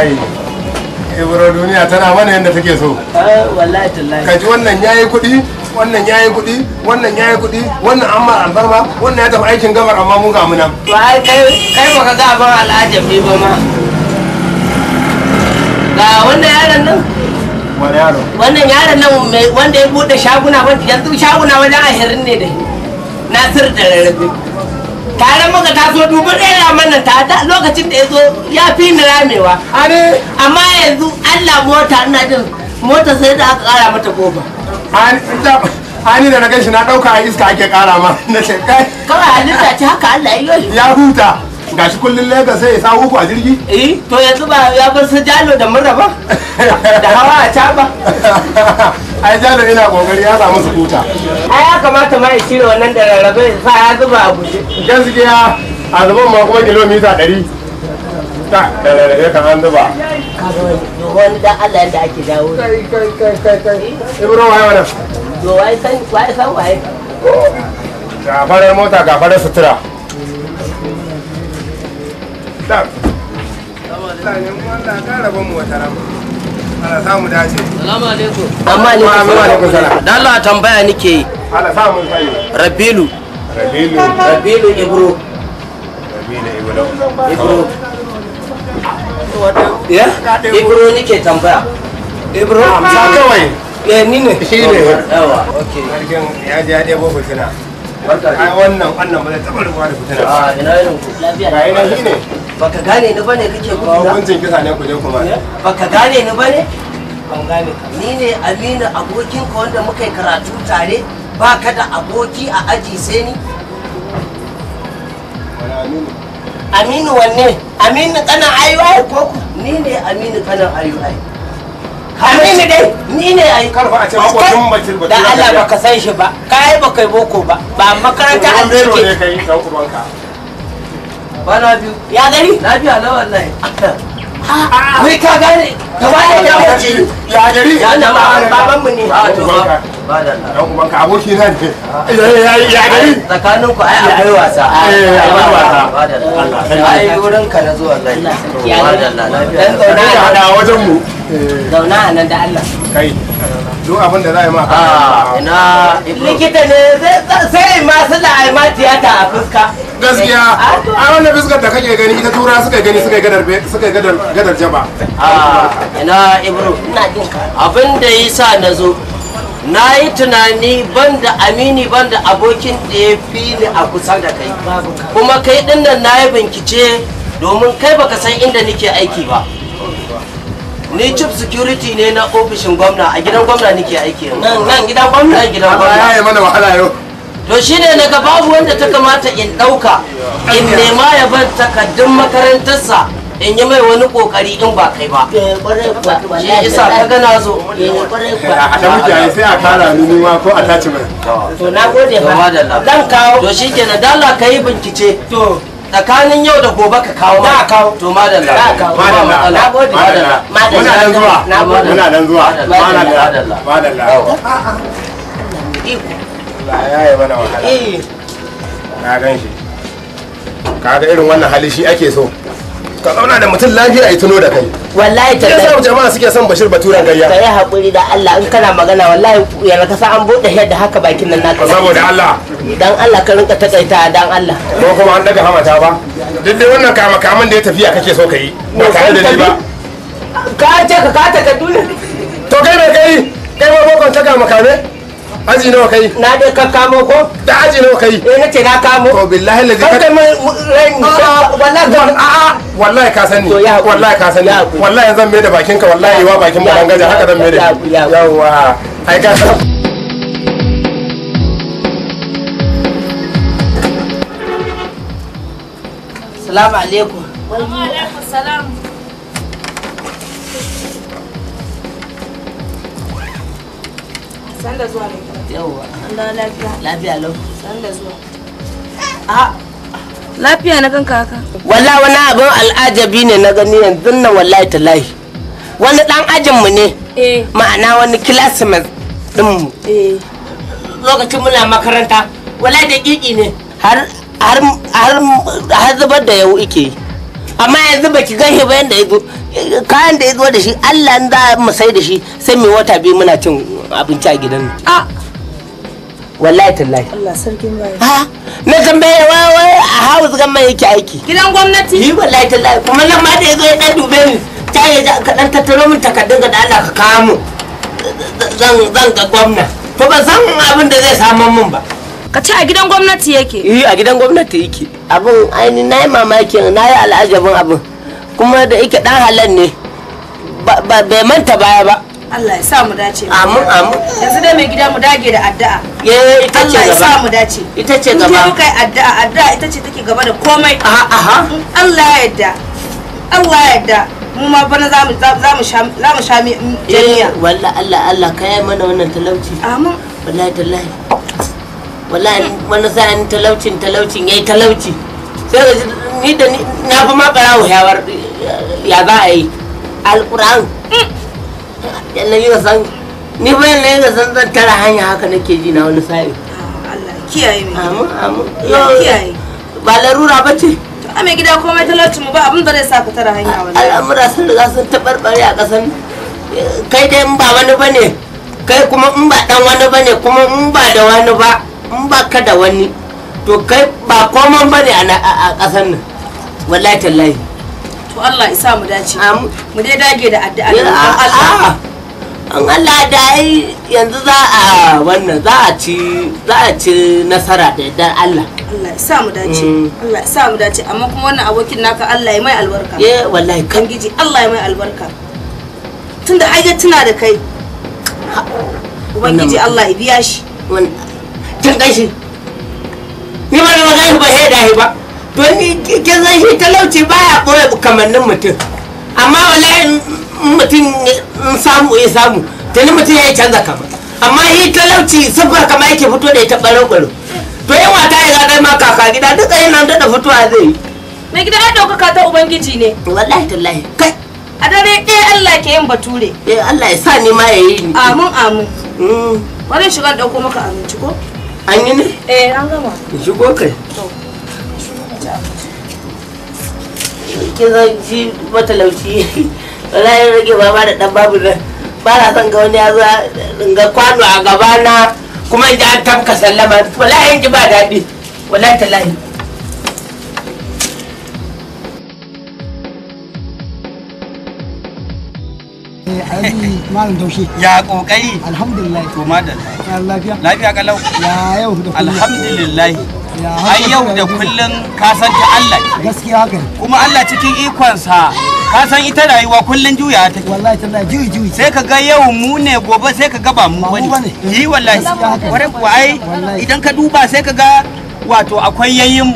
wallahi ibro duniya tana mana yadda take so eh, kaji wannan yayi kuɗi wannan kuɗi wannan kuɗi wannan an ma albarma wannan ya tafi aikin gabar amma mun ga muna ai kai kai ka ga abin al'ajabi ba ma ga wannan yaron nan wannan yaron nan wanda ya buɗe shaguna yanzu shaguna wajen ashirin ne nasir da rarrabe tare muka ta taso dubu ɗaya mana ta ta lokacin da ya zo ya fi ni ramewa amma yanzu allah mota ina jin mota sai da aka kara mata goma ani da na gan shi na ɗauka a iska ake kara ma na ce kawai halitta ce haka allah ya yi ya huta gashi kullum lagos sai ya sa uku a jirgi eh to yanzu ba ya bar su jalo da murra ba da hawa a caba ai jalo ina kokari ya samu su huta a ya kamata ma ya cire wannan da rarrabe sa ya zuba a guje gaskiya a zuban ma kuma kilomita ɗari ta da rarrabe kan an zuba wani dan Allah yadda ake dawo kai kai kai kai kai ibro eh, waye wannan yo waye san waye san waye ga mota ga sutura dan Allah samu dace. Salamu alaikum. Amma Dan Allah tambaya nake yi. Allah sa mun sani Rabilu Rabilu Rabilu Ibro Rabilu Ibro Ibro ya Ibro nake tambaya Ibro amsa ah, kawai eh ni ne shi ne yawa okay ya je ya debo fitina ai wannan wannan ba zai taba rubuwa da fitina a ah, ina irin ku lafiya ga ina shi ne baka gane ni bane kake kuma hukuncin kisa ne ku je kuma baka gane ni bane ban gane ka ni ne Aminu abokin ka wanda muka yi karatu tare ba ka da aboki a aji sai ni aminu wanne aminu kana ayyuai ko ku ni ne aminu kana ayyuai aminu dai ni ne ai karfa a cikin makokin mace da Allah baka san shi ba kai ba kai boko ba ba makaranta an ne kai ta ubanka bana biyu ya gari lafiya na nan wai ka gane gaba da ya wuce ya gari ya na ma baban mu ne a to ba da Allah uban ka aboki na ne ya ya gari tsakanin ku ai akwai wasa eh akwai wasa ba da Allah ai wurin ka na zuwa Allah ya ba da Allah dan zauna a wajen mu zauna a nan da Allah kai duk abin da za a yi ma ah, ina likita ne sai masu su da a tiyata a fuska gaskiya eh, a wannan fuska da kake gani ita tura suka gani suka gadar suka gadar gadar jaba ah, ina ibro ina jin ka abin da yasa nazo na yi tunani ban da amini ban da abokin da ya fi ni a kusa da kai kuma kai dinnan na yi bincike domin kai baka san inda nake aiki ba ni chief security ne na ofishin gwamna a gidan gwamna nake aiki nan nan gidan gwamna gidan gwamna ya mana wahala yau to shine ne ga babu wanda ta kamata in dauka in nema ya ban takaddun makarantarsa in yi mai wani kokari in ba kai ba eh, shi isa ka ga na zo eh, a ta mutane sai a kara ni ma ko a tace mai to na gode ba dan kawo to na dala kai bincike to tsakanin yau da gobe ka kawo da kawo to madalla madalla na gode madalla muna nan zuwa muna nan zuwa madalla madalla ba ya yi mana wahala eh. na gan shi irin wannan hali shi ake so ka zauna da mutum lafiya ya tuno da kai wallahi ta yasa jama'a suke son bashir baturan gayya ka yi hakuri da Allah in kana magana wallahi yana kasa an bude yadda haka bakin nan naka saboda Allah dan Allah ka rinka takaita dan Allah ko kuma an daga hamata ba duk dai wannan kama kaman da ya tafiya kake so ka yi ba ka da ni ba ka ce ka ka takardu ne to kai me kai kai ma bokon ta kama kame aji nawa kai na dai ka kamo ko da aji nawa kai eh nace na kamo to billahi lazi ka kai ah, wallahi ga a a wallahi ka sani wallahi ka sani wallahi zan mai da bakin ka wallahi wa bakin mu gaja haka zan mai da yawa ai ka san Salamu alaikum. alaikum salam. Sanda zuwa ne. yauwa lafiya lafiya lau sanda na kanka haka walla wani abin al'ajabi ne na gani yanzu nan wallahi layi wani dan ajinmu ne eh. ma'ana wani classmate dinmu eh. lokacin muna makaranta wallahi da kiki ne har har zubar da yau ike yi amma yanzu baki gashi ba yanda yazo kayan da yazo da shi Allah in za mu sai da shi sai mai wata biyu muna cin abinci a gidan a wallahi tallahi Allah sarkin bai ha na tambaye wa wai a house gan mai yake aiki gidan gwamnati yi wallahi tallahi kuma nan ma da yazo ya dan dube ni ta ya ja ka dan tattaro min takardun ga da Allah ka kawo mu zan zan ga gwamna to ba san abin da zai samu min ba ka ce a gidan gwamnati yake eh a gidan gwamnati yake abin aini nayi mamakin nayi al'ajabin abin kuma da yake dan halal ne bai manta baya ba Allah ya sa mu dace. Amin amin. Yanzu dai mai gida mu dage da addu'a. Ye ita ce gaba. Allah ya sa mu dace. Ita ce gaba. Mun kai addu'a addu'a ita ce take gaba da komai. A ha Allah ya yarda. Allah ya yarda. mu ma bana za mu za mu sha za mu sha jami'a. wallahi Allah Allah kai mana wannan talauci. Amin. Wallahi tallahi. Wallahi wani sa'an talaucin talaucin yayi talauci. Sai ni da ni na fi ma yawar ya za a yi. Alƙur'an. Mm. yan nan san ni fa yan nan san zan tara hanya haka nake ji na wani sa'i Allah kiyaye mu amin amin kiyaye ba larura ba ce a mai gida komai talauci mu ba abin da zai sa ka tara hanya wallahi al'amura sun riga sun tabarbare a kasan kai dai in ba wani bane kai kuma in ba dan wani bane kuma in ba da wani ba in ba ka da wani to kai ba ba bane a kasan nan wallahi tallahi to Allah ya sa mu dace mu dai dage da addu'a Allah an Allah dai yanzu za a wannan za a ci za a ci nasara da yardar Allah Allah ya sa mu dace mm. Allah ya sa mu dace amma kuma wannan abokin naka Allah ya mai albarka eh wallahi kan giji Allah ya mai albarka tunda ai ga tuna da kai ubangiji Allah ya biya shi wannan tun gashi ni ba na magana ba he da he ba to kin san shi talauci baya ɓoye kamannin mutum amma wallahi mutum in samu ya samu tuni mutum ya canza kama amma shi talauci sufar kama yake fito da ita baro baro to yin wata ya dai ma kaka gida duka nan da fitowa zai yi mai gida ya ɗaukaka ta ubangiji ne wallahi tallahi kai a dare ɗaya Allah ke yin bature eh Allah ya sa ni ma ya yi ni amin amin wani mm. shigar ɗauko maka abinci ko an yi ne eh an gama shigo kai to kizan san shi matalauci wallahi rage baba da dan babu nan ba na son ga wani ya ga kwano a gaba na kuma in ji an tamka sallama wallahi in ji ba daɗi wallahi talahi malam taushe ya kokari alhamdulillah to madalla lafiya lafiya kalau ya yau alhamdulillah ai yau da kullun ka san ta Allah gaskiya haka kuma Allah cikin ikonsa ka san ita rayuwa kullun juya ta wallahi tallahi juyi juyi sai ka ga yau mu ne gobe sai ka ga ba mu bane yi wallahi ware ku ai idan ka duba sai ka ga wato akwai yayin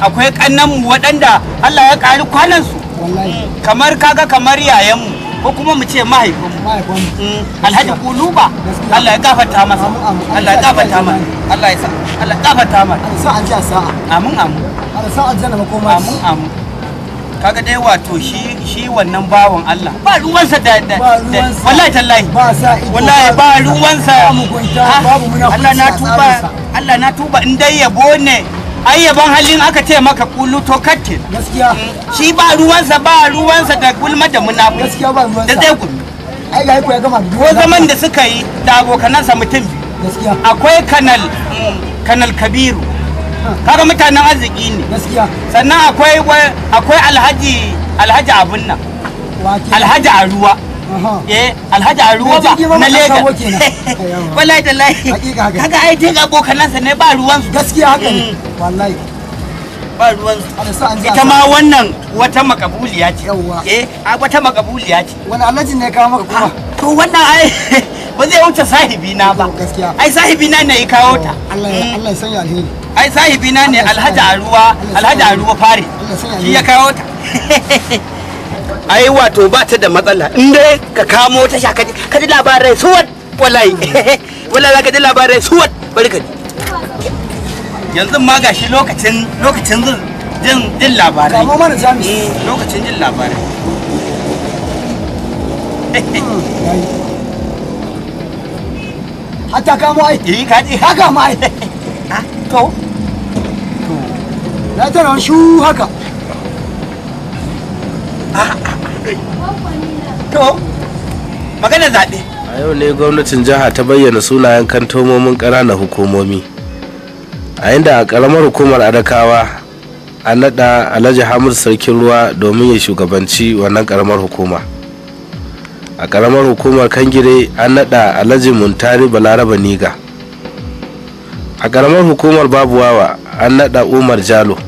akwai kannan mu waɗanda Allah ya ƙari kwanan su kamar kaga kamar yayan mu ko kuma mu ce mahaifin mm, alhaji kuluba Allah ya gafarta masa Allah ya gafarta masa Allah ya sa Allah ya gafarta masa Allah sa ajiya sa'a amin amin Allah sa ajiya na koma amin amin kaga dai wato shi shi wannan bawan Allah ba ruwan sa da wallahi tallahi ba sa wallahi ba ruwan sa babu muna Allah na tuba Allah na tuba in dai yabo ne ai halin aka ce maka kulu to katte gaskiya shi ba ruwansa ba ruwansa da gulma da munafi gaskiya ba ruwansa da zai gulma ai ga ya gama ko zaman da suka yi da abokanansa mutum biyu gaskiya akwai kanal kanal kabiru kaga mutanen arziki ne gaskiya sannan akwai akwai alhaji alhaji abun nan alhaji a ruwa eh alhaji a ruwa ba na leda wallahi tallahi kaga ai duk abokanansa ne ba ruwan su gaskiya haka ne mm. wallahi ba ruwan ita ma wannan wata makabuliya ce eh wata makabuliya ce wani alhaji ne kawo maka kuma ah, to wannan ai ba zai wuce sahibi na ba ai sahibi na ne ya kawo ta oh, mm. Allah ya sanya alheri ai sahibi na ne alhaji a ruwa alhaji a ruwa fare shi ya kawo ta ai wato ba ta da matsala in dai ka kamo ta sha kaji labarai suwat wallahi wallahi za ka ji labarai suwat bari ka yanzu ma gashi lokacin lokacin jin jin labarai kamo mana jami'i eh, lokacin jin labarai hata kamo ai eh ji haka ma ha ah? to to na tara shu haka To, maganar zaɓe. A yau ne gwamnatin jiha ta bayyana sunayen kantomomin ƙananan hukumomi. A inda a ƙaramar hukumar Adakawa a naɗa Alhaji Hamid Sarkin Ruwa domin ya shugabanci wannan ƙaramar hukuma. A ƙaramar hukumar Kangire an naɗa Alhaji Muntari Balaraba Niga. A ƙaramar hukumar Babuwawa an naɗa Umar Jalo.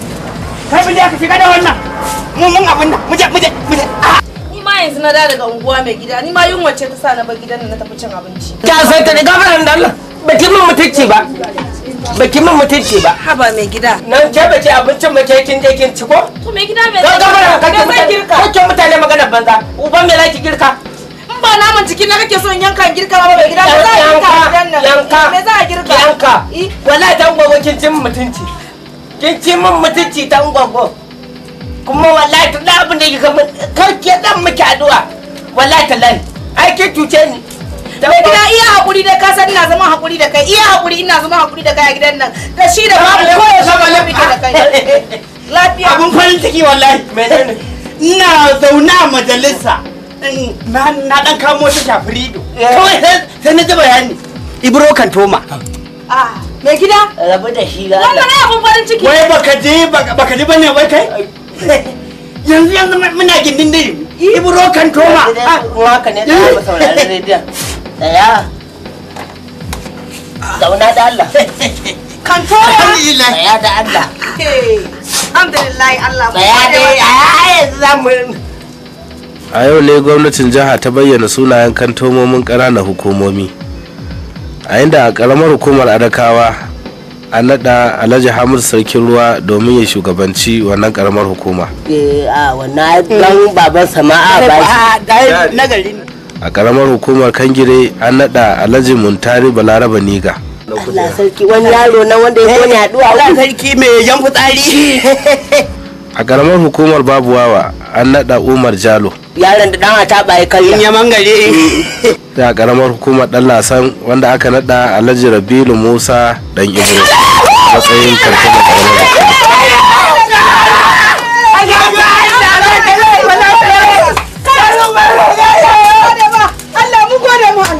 kai bin da ka fika da wannan mu mun abin nan mu je mu ah! ni ma yanzu na da daga unguwa mai gida ni ma yunwa ce ta sa na ba gidan na tafi cin abinci ta sai ta ne gafaran da Allah baki mun mutunci ba baki mun mutunci ba haba mai gida nan ke baki abincin mu ce kin je kin ci ko to mai gida mai gafaran ka ke girka kake mutane magana banza uban me zaki girka ba naman jiki na kake son yanka girka ba bai gida me yanka a yanka me za a girka yanka eh? wallahi dan gogo kin jin mutunci kin ci min mutunci ta gwaggo kuma wallahi tun da abin da kika min karke dan miki addu'a wallahi tallahi ai kin cuce ni da gida iya hakuri da ka san ina zama hakuri da kai iya hakuri ina zama hakuri da kai a gidan nan da shi da babu ko ya zama lafiya da kai lafiya abun farin ciki wallahi menene ina zauna majalisa na dan kamo ta shafirido eh. kawai sai na ji bayani ibro kantoma ah Mai gida? Rabu da shi lala. Wannan abun farin ciki. Wai baka je baka je bane wai kai? Yanzu yanzu muna gindin dai. Ibro kan toma. Kuma ne da saurari Zauna da Allah. Kan toma. Alhamdulillah. da Allah. Alhamdulillah Allah. a ah, yanzu zamu a yau ne gwamnatin jiha ta bayyana sunayen kantomomin ƙananan hukumomi a inda a karamar hukumar adakawa an naɗa alhaji hamid sarkin ruwa domin ya shugabanci wannan karamar hukuma eh, ah, a karamar hukumar kangire an naɗa alhaji muntari balaraba niga a karamar hukumar babu wawa an naɗa umar jalo yaron da dan ta bai kallon ya mangare da karamar hukumar dan lasan wanda aka nada alhaji rabilu musa dan ibro matsayin karfe da karamar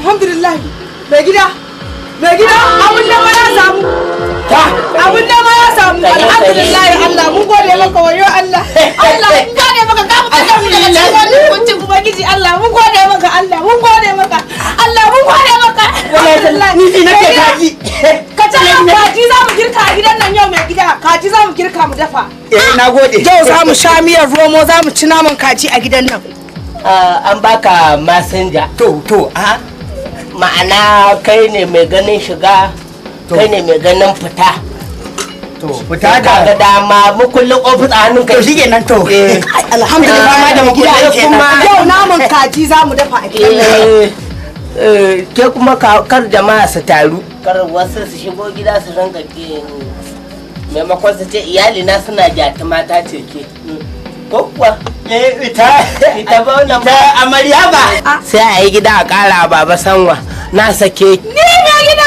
Alhamdulillah, mai gida, mai gida, abin da mana samu. abun da ma ya samu alhamdulillah Allah mun gode maka wayo Allah Allah mun gode maka ka mutu da mu daga cikin wannan ubangiji Allah mun gode maka Allah mun gode maka Allah mun gode maka wallahi ni ji nake kaji ka ta kaji za mu girka a gidan nan yau mai gida kaji za mu girka mu dafa eh na gode yau za mu sha miyar romo za mu ci naman kaji a gidan nan ah, an baka masanja to to a ma'ana kai ne mai ganin shiga kai ne mai ganin fita to fita da ga dama mu kullun ofis a hannun eh. kai shi eh. kenan to alhamdulillah ma da mu gida yau namun kaji zamu dafa a gidan eh. ke kuma kar jama'a su taru kar wasu su shigo gida su ranka ke maimakon su ce iyali na suna jata mata ce ke ko kuwa ita ita ba amarya ba ah. sai a yi gida a kara baba sanwa na sake ni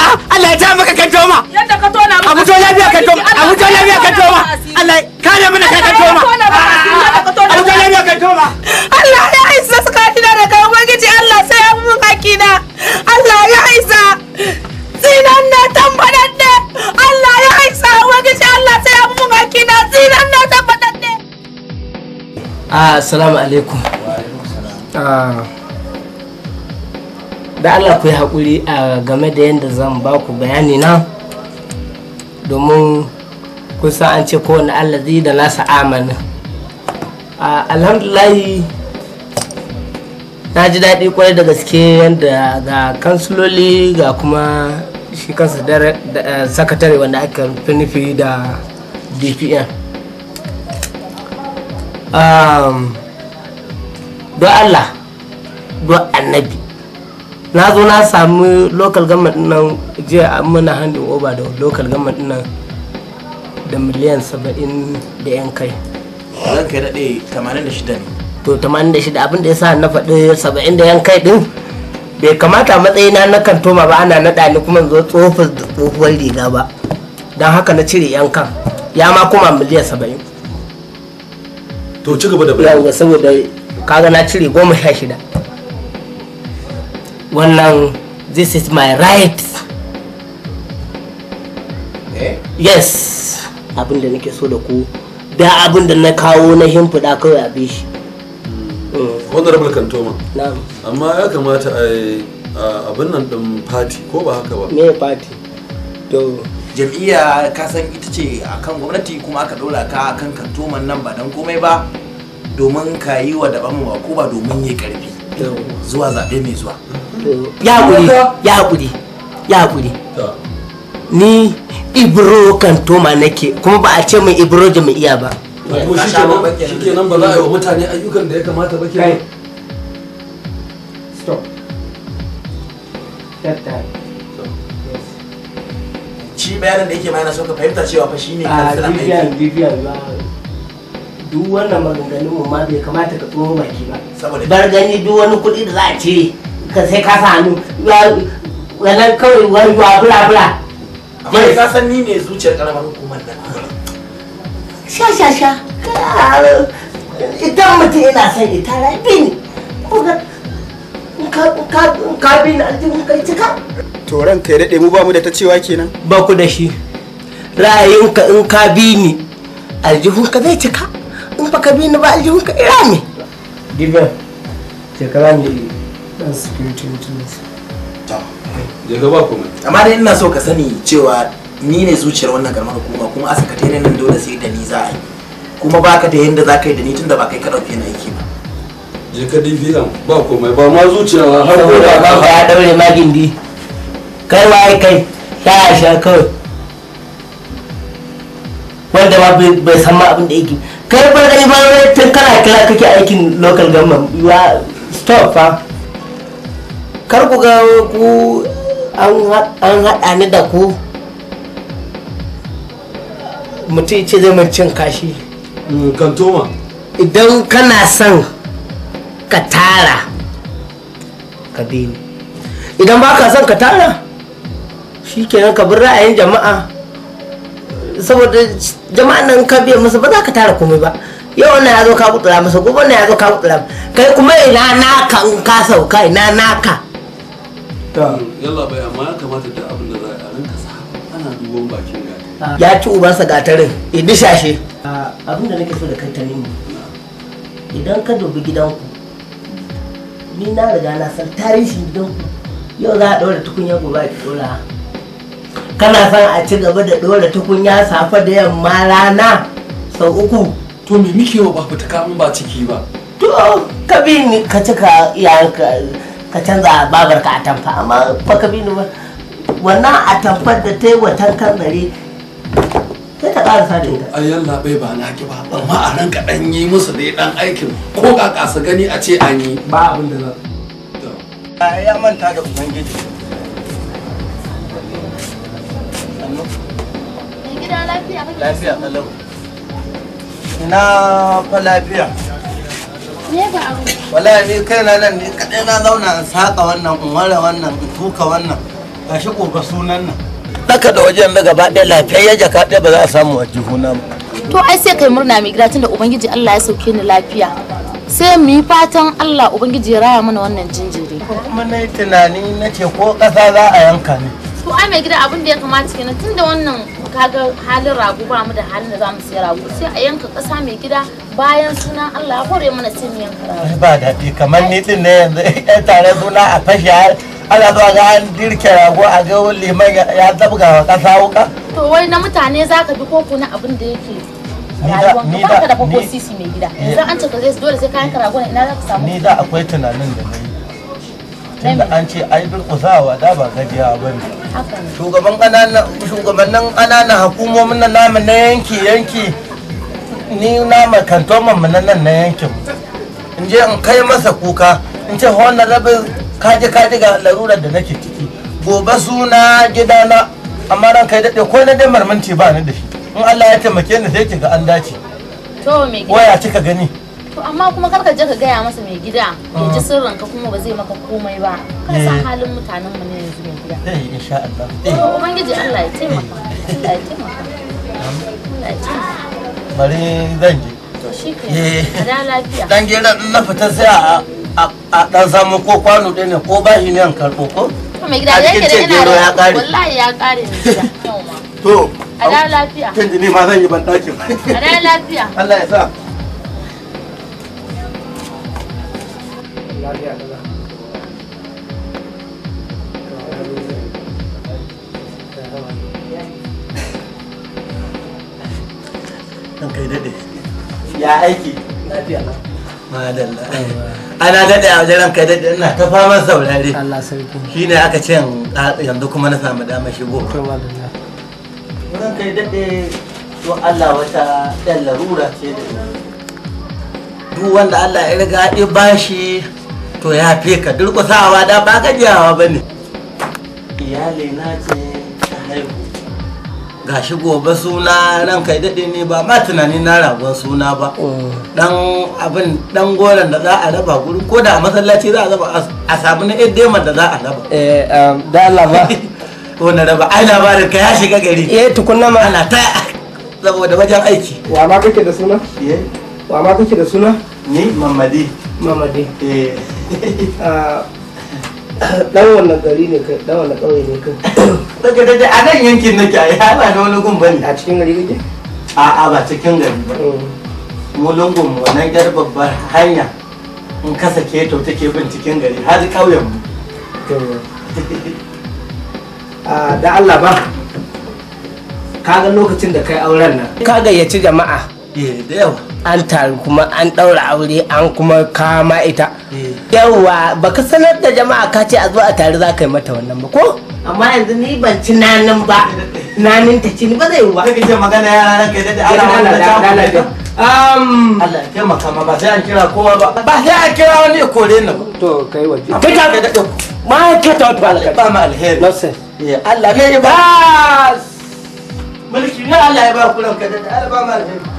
Ah, Allah ya ja maka kan toma. Yadda ka tona maka. Abu to lafiya kan toma. Abu to lafiya kan toma. Allah ka ne mana kan toma. Abu to lafiya kan toma. Allah ya isa su ka tuna daga ubangiji Allah sai an mun hakina. Allah ya isa. Zinan na tambadan ne. Allah ya isa ubangiji Allah sai an mun hakina. Zinan na tambadan ne. Ah, assalamu alaikum. Wa alaikum salam. Ah. da Allah ku yi haƙuri a game da yadda zan ba ku bayani na domin kusa an ce kowane Allah zai da nasa amana alhamdulahi na ji daɗi kwarai da gaske yadda ga kansuloli ga kuma shi kansa eh, sakatare wanda aka fi nufi da dpn don Allah don annabi na zo na samu local government nan jiya an mana handin over da local government nan da miliyan 70 da yan kai zan kai daɗe 86 ne to 86 abin da ya sa na faɗi 70 da yan kai din bai kamata matsayina na kantoma ba ana naɗa ni kuma zo tsofa da tsohuwar riga ba don haka na cire yan kan ya ma kuma miliyan 70 to ci gaba da bayani saboda kaga na cire goma sha shida wannan this is my right eh? yes abin da nake so da ku da abin da na kawo na himfida kawai a bi shi mm. honorable kantoma amma ya kamata a abin nan din party ko ba haka ba me party to jam'iyya ka san ita ce akan gwamnati kuma aka dora ka akan kantoman nan ba dan komai ba domin ka yi wa daban ba ko ba domin yi karfi zuwa zaɓe mai zuwa ya haƙuri ya haƙuri ya haƙuri ni ibro kan toma nake kuma ba a ce mai ibro da mai iya ba ko shi kenan ba za a yi wa mutane ayyukan da ya kamata ba kenan stop shi bayanin da yake ma so ka fahimta cewa fa shi ne kansu na ah, aiki duk wannan maganganun mu ma bai kamata ka tsoro baki ba bar gani duk wani kuɗi da za a cire ka sai ka sa hannu wannan kawai wani wa bula bula amma ka san ni ne zuciyar karamar hukumar nan sha sha sha idan mutum yana son ita rabi ne ka bi na aljihun kai cika to kai daɗe mu ba mu da ta cewa kenan ba ku da shi ra'ayinka in ka bi ni aljihun ka zai cika in baka bi ni ba aljihun ka ira ne divan shekara ne dan security je ga ba kuma amma dai ina so ka sani cewa ni ne zuciyar wannan garma hukuma kuma a sakatare nan dole sai da ni za a yi kuma ba ka da yanda za ka yi da ni tunda ba kai ka dauke ni aiki ba je ka divan ba komai ba ma zuciya ba har ko da ba ya daure ma gindi kai waye kai sha sha kawai wanda ba bai san ma abin da yake kai ba kai tun kana kira kake aikin local government ya stop fa kar ku ga ku an haɗa ni da ku mutum ce zai cin kashi mm, kantoma idan kana son ka tara ka bi idan ba ka son ka tara shi kenan ka bi ra'ayin jama'a saboda jama'an nan ka biya masa ba za ka tara komai ba yau wannan ya zo ka kutsura masa gobe wannan ya zo ka kutsura kai kuma ina naka in ka sauka ina naka yalla bai amma ya kamata da abin da za a rinka sa ana duban bakin gata ya ci sa gatarin ya shi. abin da nake so da kai ta nemi idan ka dubi gidanku ni na riga na san tarihin gidanku yau za a ɗora tukunya gobe a ɗora kana son a ci gaba da dora tukunya safe da yamma rana sau uku to me muke wa ba fita kamun ba ciki ba to ka bi ni ka cika yanka ka canza babarka a tamfa amma fa ka bi ni ba wannan a tamfar da ta yi watan kan dare sai ta ƙarasa da ita. Ayyan labai ba na ki ba, amma a nan ka ɗan yi musu da ɗan aikin ko ka kasa gani a ce an yi. Ba abin da za. Ya manta da Ubangiji. sannu gida lafiya lafiya ina fa lafiya me ba abu wallahi ni kaina nan ne kadai na zauna in saƙa wannan in ware wannan in tuka wannan gashi gobe sunan nan daka da wajen na gaba ɗaya lafiyar lafiyayya jaka ɗaya ba za a samu a jihuna ba to ai sai kai murna mai gida tunda ubangiji Allah ya sauke ni lafiya sai mu yi fatan Allah ubangiji ya raya mana wannan jinjiri kuma na tunani na ce ko ƙasa za a yanka ni to ai mai gida abin da ya kamata kenan tunda wannan kaga halin rago ba mu da halin da zamu mu siya rago sai a yanka ƙasa mai gida bayan sunan Allah ya hore mana sai mu yanka rago ba daɗi kamar ni din ne yanzu ɗan tare suna a fashe ana zuwa ga an dirke rago a ga liman ya zabga wa ƙasa wuka to wai na mutane za ka bi koko na abin da yake ni da akwai ni da na yi tunda an ce ai durƙusawa da ba gajiya ba ne shugaban shugabannin ƙananan hukumomin na yanki yanki ni nama kantoman mu nan na yankin in je in kai masa kuka in ce wannan rabin kaji kaji ga larurar da nake ciki gobe suna gidana amma ran kai daɗe ko na dai marmanci ba ni da shi in Allah ya taimake ni sai kiga an dace to me waya kika gani to amma kuma kar ka je ka gaya masa mai gida ya ji ah. sirrin ka kuma ba zai maka komai ba ka san eh. halin mutanen mu ne yanzu mai gida eh insha Allah eh ubangiji Allah ya taimaka Allah ya taimaka bari zan je to shikenan eh. da lafiya dan gera na fita sai a a dan samu ko kwano ɗaya ne ko bashi ne an karɓo ko mai gida da yake da ina ya kare wallahi ya kare to a da lafiya kan ji ni ma zan yi ban dakin a da lafiya Allah ya sa lafiya kai daɗe. Ya aiki. Lafiya na. Madalla. Ana daɗe a wajen daɗe ina ta fama saurare. Allah sarki. Shi ne aka ce yanzu kuma na samu damar shigo. Wurin kai to Allah wata ɗan larura ce da duk wanda Allah ya riga ya bashi to ya fi ka durkusawa da ba gajiyawa ba ne iyali na ce ta haihu shi gobe suna ran kai daɗe ne ba ma tunani na ragon suna ba dan abin dan goron da za a raba guri ko da a masallaci za a raba a samu na edema da za a raba eh um, da Allah ba ko na raba ai labarin ka ya shiga gari eh tukunna ma ana ta saboda wajen aiki wa ma kake da suna eh wa ma kake da suna ni mamadi mamadi eh dan wannan gari ne kai dan wannan kauye ne kai daga daga a nan yankin nake ai ba da wani gun bane a cikin gari kake a a ba cikin gari ba mm. mu lungun mu nan gar babbar hanya in ka sake to take bin cikin gari har kauyen mu a da Allah ba ka ga lokacin da kai auren nan ka gayyaci jama'a Eh, an taru kuma an ɗaura aure an kuma kama ita eh. yawa baka sanar da jama'a ka ce a zo a tare za ka yi mata wannan ba ko amma yanzu ni ban ci nanin ba nanin ta ci ni ba zai yi kake ce magana ya ranar da ala wanda ta Um, ala ya taimaka ba sai an kira kowa ba ba sai an kira wani ya kore ni ba to kai waje kai ka da ma ka ta wata alkai ba ma alheri Allah ba mulki ne Allah ya ba ku ranka da ba ma alheri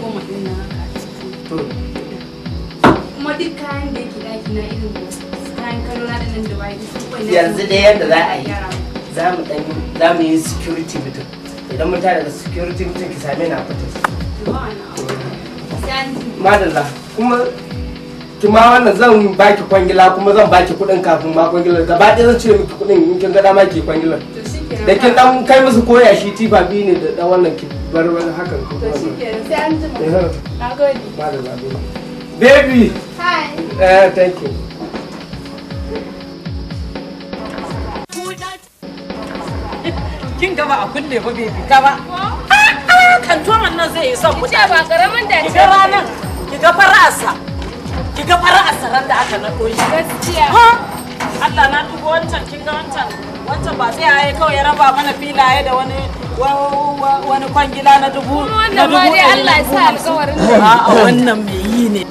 yanzu da yadda za a yi za mu dan za mu yi security mutum idan mun tare da security mutum ki same na fita madalla kuma kuma wannan zan baki kwangila kuma zan baki kuɗin kafin ma kwangilar gaba ɗaya zan cire miki kuɗin in kin ga dama ki kwangilar da kin dan kai musu koya shi tifa biyu ne da dan wannan ki bar wani hakan ko to shikenan sai an jima eh. nagode madalla baby hi eh thank you kin gaba a kulle ba bai fita ba kanto tuwon nan zai yi son mutane ba karamin da ki ga ranar ki ga fara'arsa ki ga fara'arsa ran da aka nako shi gaskiya Allah na dubo wancan kin ga wancan wancan ba sai yayi kawai ya raba mana filaye da wani wani kwangila na dubu na dubu Allah ya sa alƙawarin a wannan mai yi ne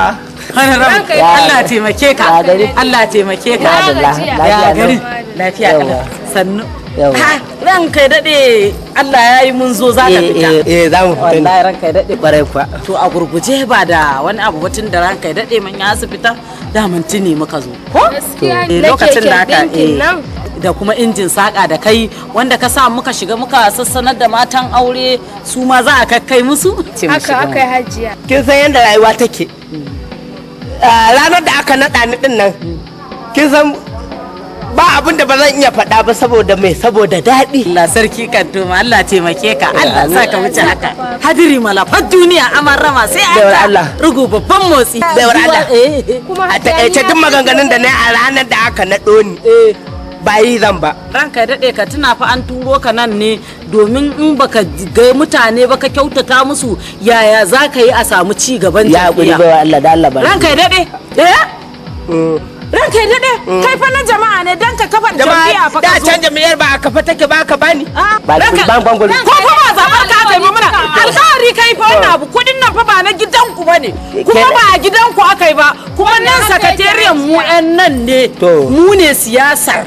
a hana ran Allah taimake ka Allah taimake ka ya gari lafiya sannu Allah ya yi mun zo za ka eh, fita eh, eh za mu fita wallahi ran kai dade kwarai to a gurguje ba da wani abu batun da ran kai dade mun ya su fita da mun tuni muka zo ko eh, lokacin da da kuma injin saƙa da kai wanda ka sa muka shiga muka sassanar da matan aure su ma za a kai musu? Haka yi hajiya. Kin san yadda rayuwa take. Mm. Ah, ranar da aka naɗa ni ɗin nan kin san ba abin da ba zan iya faɗa ba saboda mai saboda daɗi. Allah sarki kan tuma Allah taimake ka Allah sa ka wuce haka. Hadiri malafar duniya aman rama sai an Allah. Rugu babban motsi. Baiwar Allah. Eh. A taƙaice duk maganganun da na yi a ranar da aka naɗo ni. Eh. Ba yi zan ba. Ranka daɗe ka tuna fa an turo ka nan ne domin in baka ga mutane baka kyautata musu yaya za ka yi a samu ci gaban ya hakuri bai Allah da Allah ba ranka ya dade eh mm. ranka ya dade mm. kai fa na jama'a ne dan ka kafa jami'a fa da can jami'ar ba a kafa take ba ka bani ah, ranka ban ban gulu ko kuma zaban ka bai mana alkhari kai fa wannan ah. abu kudin nan fa ba na gidan ku bane kuma ba a gidan ku akai ba kuma nan sakatariyar mu ɗan nan ne mu ne siyasar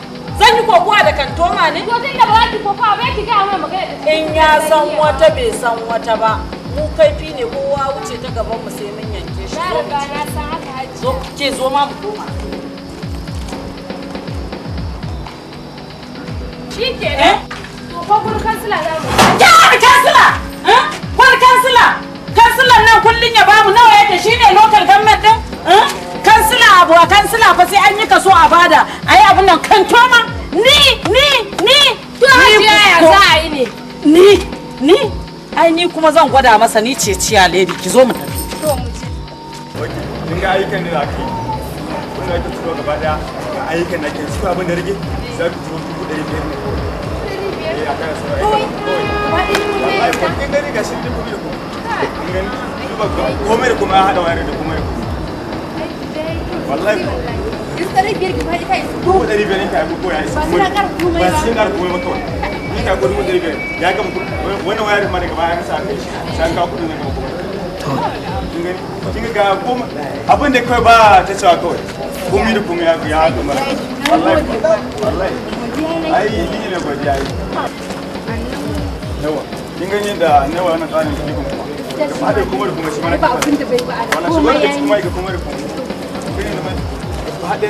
zan yi kokowa da kantoma ne to tun da ba ki kokowa ba ki ga mai magana in ya san wata bai san wata ba mu kaifi ne kowa wuce ta gaban mu sai mun yanke shi na riga na san haka haji zo ke zo ma mu koma shi ke ne eh? to fa gur kansila za mu ya kansila eh? gur kansila kansilan nan kullun ya bamu nawa yake shine local government din eh abokan suna fa sai an yi kaso a bada a yi nan kan toma ni ni ni to hajiya ya za a yi ne ni ni ai ni kuma zan gwada masa ni ce ciya lady ki zo mu tafi to mu ji kin ga ayyukan da ake kun ga kin tsoro gaba da ayyukan da su abin da rige za ku tsoro eh, ku da ne ne wallahi in tsare biyar ki fadi kai ko dari biyar ka ko ya isa ba sun kar kuma ba sun kar kuma ba kawai ni ka ko dubu dari biyar ya ga wannan wayar ma daga baya ka sa kai san ka kudin daga kuma kin ga kuma abin da kai ba ta cewa kawai da kuma ya ya haka mara wallahi wallahi ai ni ne godiya ai yawa kin gani da nawa na tsarin kuma da kuma da kuma shi mana ba kuma da kuma da kuma da kuma ku haɗe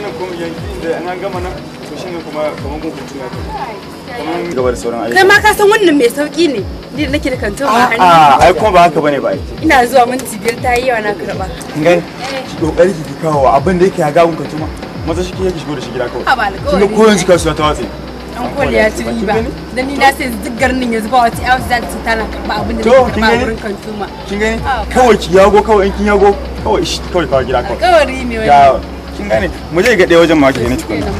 kuma ka san wannan mai sauki ne ni da nake da kantin ba hannu a ai kuma ba haka bane ba ina zuwa minti biyar ta yi yawa na karɓa ngai kokari ki kawo abin da yake haga kun kantuma maza shi yake shigo da shi gida kawai a ba alƙawari kuma ko yanzu kasuwa ta watse an kwali ya ci riba dan ni na sai duk garnin yanzu ba wata yawa za ta tana karɓa abin da nake karɓa wurin kantuma kin gani kawai ki yago kawai in kin yago kawai kawai kawai gida kawai alƙawari ne wani kin gane mu je ga ɗaya wajen ma ke ne tukuna komai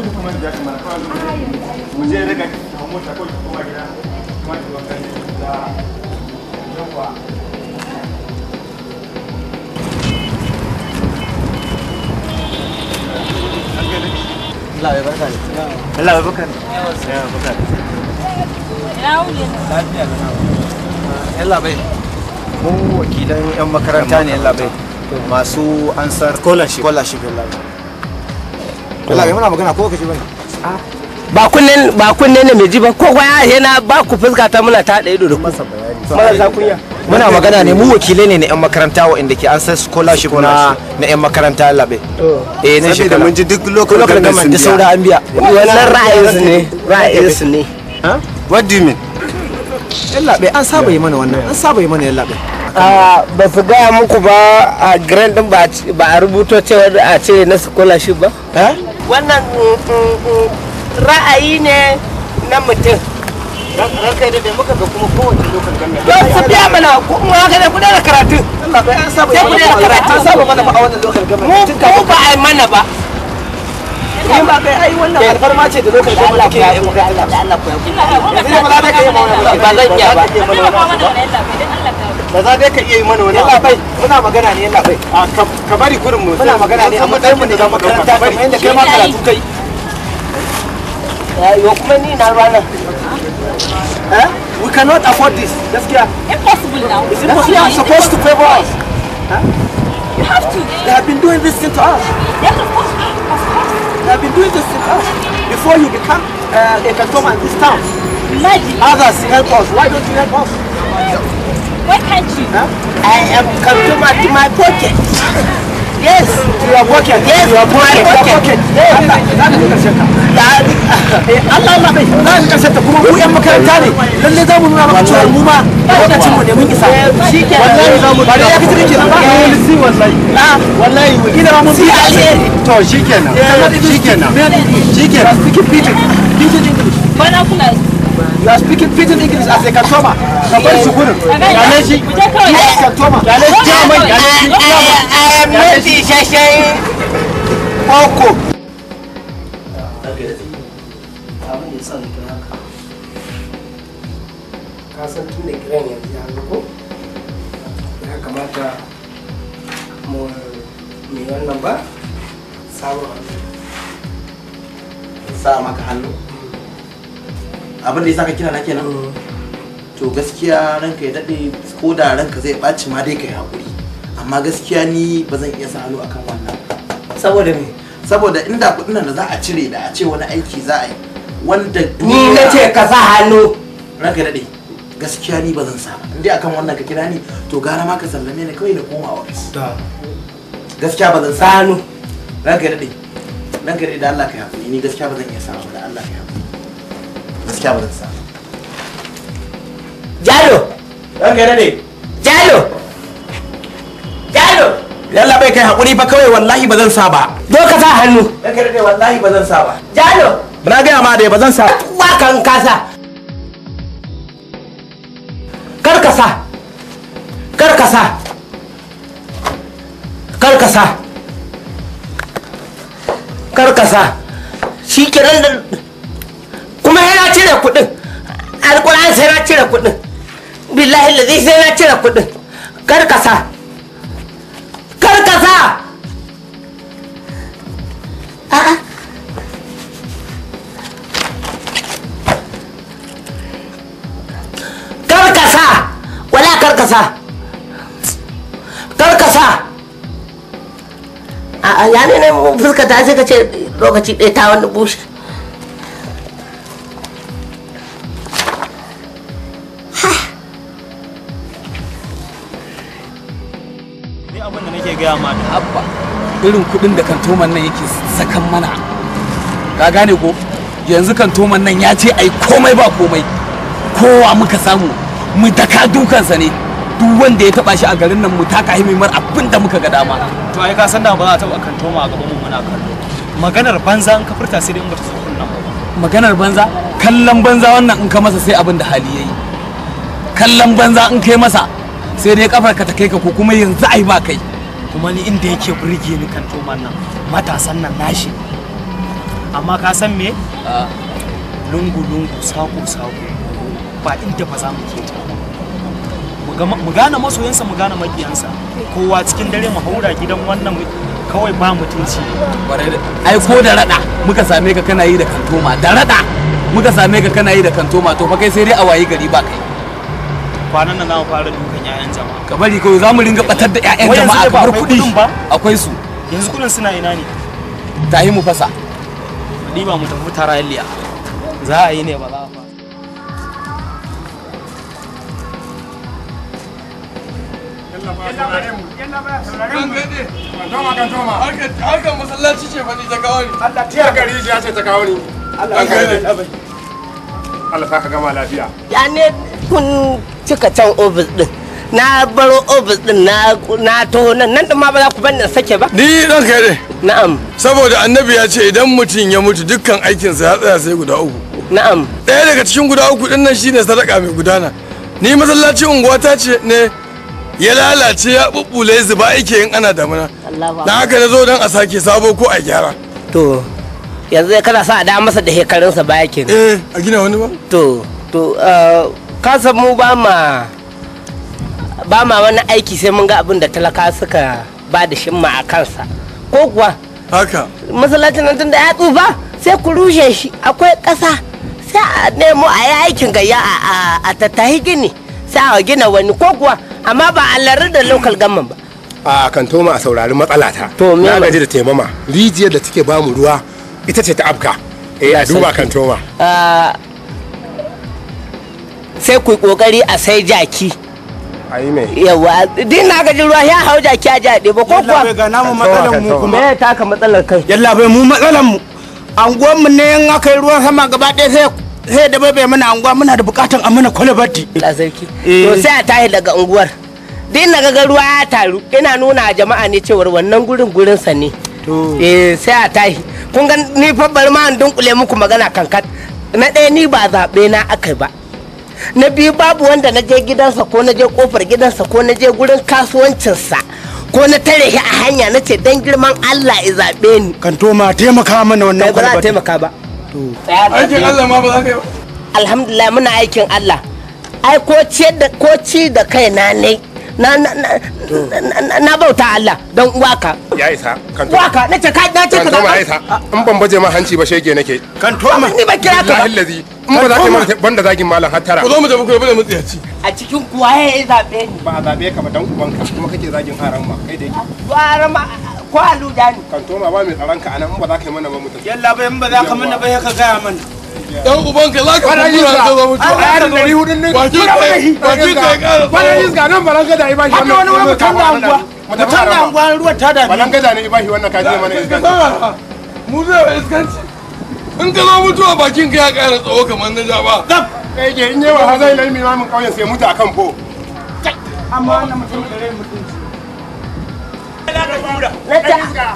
da kuma da ya kamata kawai ah, mu je daga hau mota ko kuma gida kuma ki wanka da yawa Allah ya barka Allah ya barka ne. Ya barka ne. Ya wuce. Lafiya da nawa. Allah bai. Mu wakilan 'yan makaranta ne Allah bai. masu ansar scholarship scholarship wallahi muna magana ko kace bane ba kunnen ba kunne ne meji ji ba ko kwaya yana ba ku fuska ta muna ta masa bayani ku za kunya muna magana ne mu wakilai ne na yan makaranta waɗanda ke an san scholarship na na yan makaranta labe eh ne shi mun ji duk lokacin da sun saura an biya wannan ra'ayin su ne ra'ayin su ne what do you mean yalla labe an saba yi mana wannan an saba yi mana yalla labe ba su gaya muku ba a grand din ba a rubuto cewa a ce na scholarship ba wannan mm, mm, mm, ra'ayi ne na mutum ranka da muka ga kuma kowace lokacin su biya mana kuma da kudin karatu sai kudin karatu sai da mu ba a mana ba in ba kai ai wannan ce da lokacin da Allah ya yi Allah Allah ku yanzu ba za ka mana ba zan iya ba ba za ka iya yi mana wani Allah bai muna magana ne Allah bai ka bari mu muna magana ne amma dai da kai ma karatu kai yo kuma ni na eh we cannot afford this gaskiya impossible now is impossible you are supposed to for us huh? you have to they have been doing this thing to us yes of course have been doing this us uh, before you become uh, a customer in this town. Let others help us. Why don't you help us? Why can't you? Huh? I am customer to my pocket. Yes. You are working. Yes. You are working. You are working. Yes. Eh, Allah Allah bai za ta kuma mu yan makaranta ne lalle za mu nuna maka cewa mu ma lokacin mu ne mun isa eh, shike wallahi za mu ba eh, si wallahi ah. wallahi to shikenan shikenan shikenan kula You are speaking pidgin English as a kantoma. Ka bar shi gurin. Gane shi. shi. shi. not the shashay. Oko. ka san tun da yanzu ya ko ya kamata mu mai wannan ba sabon sa maka abin da ya saka kira na kenan mm. to gaskiya ranka ya daɗe ko da ranka zai ɓaci ma dai ka yi haƙuri amma gaskiya ni ba zan iya sa hannu akan wannan saboda me saboda inda kuɗin da za a cire da a ce wani aiki za a yi wanda ni na ce ka sa hannu ranka daɗe gaskiya ni ba zan sa ba indai akan wannan ka kira ni to gara ma ka sallame ni kawai na koma ofis gaskiya ba zan sa hannu ranka daɗe ranka daɗe da Allah ka yi ni gaskiya ba zan iya sa ba da Allah ka yi gaskiya ba jalo jalo jalo yalla bai kai hakuri fa kawai wallahi ba zan sa ba do ka sa hannu ranka dade wallahi ba zan sa ba jalo na gaya ma ba zan karkasa karkasa karkasa karkasa shi da kuma yana cire kuɗin alƙur'an sai na cire kuɗin billahi lazi sai na cire kuɗin karkasa karkasa a'a karkasa wala karkasa karkasa a ya ne ne fuskata sai ka ce lokaci ɗaya ta wani bushe irin kuɗin da kantoman nan yake sakan mana ka gane ko yanzu kantoman nan ya ce ai komai ba komai kowa muka samu mu daka dukansa ne duk wanda ya taba shi a garin nan mu taka himimar abin da muka ga dama to ai ka san da ba za ta taba kantoma a gaban mu muna kallo maganar banza in ka furta sai dai in bata sokun nan maganar banza kallon banza wannan in ka masa sai abin da hali yayi kallon banza in kai masa sai dai kafar ka ta kai ka ko kuma yanzu ai ba kai kuma ni inda yake burge ni kan toman nan matasan nan nashi amma ka san me lungu-lungu sako-sako ba inda ba za mu ke ta mu gana masoyansa mu gana makiyansa kowa cikin dare mu haura gidan wannan kawai ba mutunci ai ko da rada muka same ka kana yi da kantoma da rada muka same ka kana yi da kantoma to fa kai sai dai a wayi gari ba kai kwanan nan na fara duka jama'a ka bari ko za mu ringa batar da ƴaƴan jama'a kamar kuɗi akwai su yanzu kuɗin suna ina ne ta yi mu fasa ni ba mu tafi tara yalliya za a yi ne ba za a fa Allah ka gama lafiya. Ya ne kun cika can ofis din. na baro ofis din na na taho nan nan da ma ba za ku bani sake ba ni dan kai ne na'am saboda annabi ya ce idan mutum ya mutu dukkan aikin sa ya tsaya sai guda uku na'am ɗaya daga cikin guda uku din nan shine sadaka mai gudana ni masallaci unguwa ta ce ne ya lalace ya bubbule zuba yake yin ana damuna na haka na zo don a sake sabo ko a gyara to yanzu kana sa a da masa da hekarunsa ba yake eh a gina wani ba to to eh, ka mu ba ma ba ma wani aiki sai mun ga abin da talaka suka ba da shimma a kansa ko kuwa haka masallacin nan tunda ya tsufa sai ku rushe shi akwai ƙasa sai a nemo a yi aikin gayya a tattahi gini sai a gina wani ko kuwa amma ba a larar da local government ba a kan toma a saurari matsalata na gaji da taimama rijiyar da take bamu ruwa ita ce ta afka eh a duba kan toma ah, sai ku yi kokari a sai jaki ayi me yawa din na gaji ruwa ya hau jaki a jaɗe ba ko kuwa yalla ga namu matsalar mu kuma me ta matsalar kai yalla bai mu matsalar mu anguwan mu ne in aka yi ruwan sama gaba ɗaya sai sai da bai mana anguwa muna da bukatan a mana kwalabati Allah sarki eh. to sai a tahi daga unguwar din na ga ruwa ya taru ina nuna jama'a ne cewar wannan gurin gurin sa ne eh sai a tahi kun ga ni fa bari ma an dunkule muku magana kankat na ɗaya ni ba zaɓe na akai ba na biyu babu wanda na je gidansa ko na je kofar gidansa ko na je gurin kasuwancinsa ko na tare shi a hanya na ce dan girman Allah ya zabe ni kan to ma taimaka mana wannan kwalba ba za taimaka ba aikin Allah ma ba za ka yi ba alhamdulillah muna aikin Allah ai ko ci da kaina ne na bauta Allah don waka ya isa kan to waka nace ka na ce ka ya isa in ban baje ma hanci ba shege nake kan to ma ni ba kira ka ba lallazi in ba za ka mata banda zagin malam har tara ku zo mu je ku bude mu tsiyaci a cikin kuwa ya zabe ni ba zabe ka ba dan ka kuma kake zagin haram ma kai da yake haram ko aluja ne kan ma ba mai tsaron ka anan in ba za ka mana ba mutum yalla ba in ba za ka mana ba ka gaya mana yan ubanka za ka kuma ka zama dari hudun ne bakin ka bakin ka ya kara kwanan iska nan baranga da ibashi haka wani wani mutum da anguwa mutum da anguwa ruwan ta da da ne ibashi wannan ka je mana iskanci mu zai iskanci in ka mutuwa bakin ka ya kara tsawo kamar na kai ke in yawa ha zai sai mutu amma wannan mutum da rai mutunci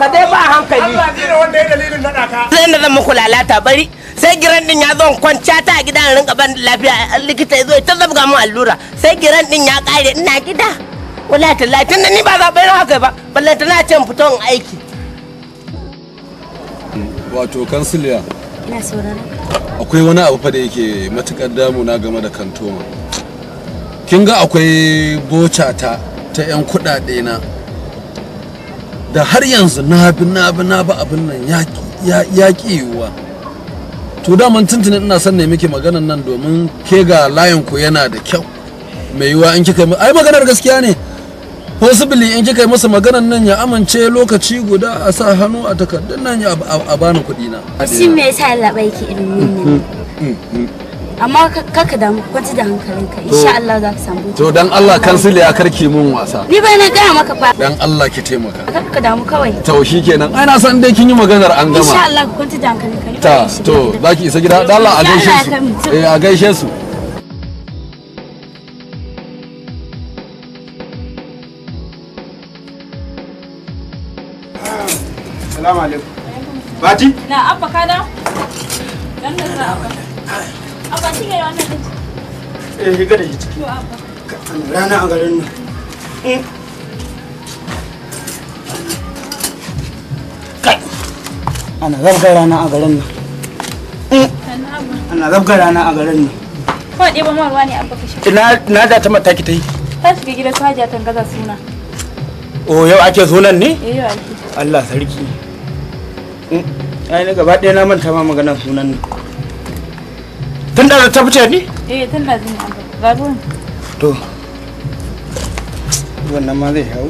ka dai ba hankali. Allah zai wanda ya dalilin naɗa ka. Zai bari sai giran din ya zo kwanciya ta gida in rinka ban lafiya likita zo ta zabga mu allura sai giran din ya kare ina gida wala ta latin ni ba za bai haka ba ta na ce fito aiki wato kansiliya ina saurara akwai wani abu fa da yake matukar damuna game da kantoma kin ga akwai boca ta yan kudade na da har yanzu na bi na bi na bi abin nan yaƙi yaƙi yiwuwa to daman tuntunin ina son ne miki maganan nan domin ke ga layin ku yana da kyau mai yiwa in kika ai maganar gaskiya ne possibly in kika masa maganan nan ya amince lokaci guda a sa hannu a takardun nan ya a bani kuɗi na. Shin me yasa labai ke irin wannan? Mm-hmm. Mm-hmm. amma kaka damu kwaji da hankalinka insha Allah za ka samu to dan Allah kansile ya karki mun wasa ni bai na gaya maka fa dan Allah ki taimaka kaka damu kawai to shikenan ai na san dai kin yi maganar an gama insha Allah kwaji da hankalinka ta to zaki isa gida dan Allah a gaishe su eh a gaishe su Salamu alaikum. Bati? Na abba kada? Dan da abba. Ana zabgar rana a garin nan. Ana zabgar rana a garin nan. Kawai ɗeba ma ruwa ne abba ka shi. Ina da ta mataki ta yi. Ta shiga gidan su hajiya tangaza suna. Oh, yau ake sunan ne? Eh, yau ake. Allah sarki. Ai, na gaba ɗaya na manta ma maganar sunan ne. tun da ta fice ne eh tun da zan ga ruwan to wannan ma zai hau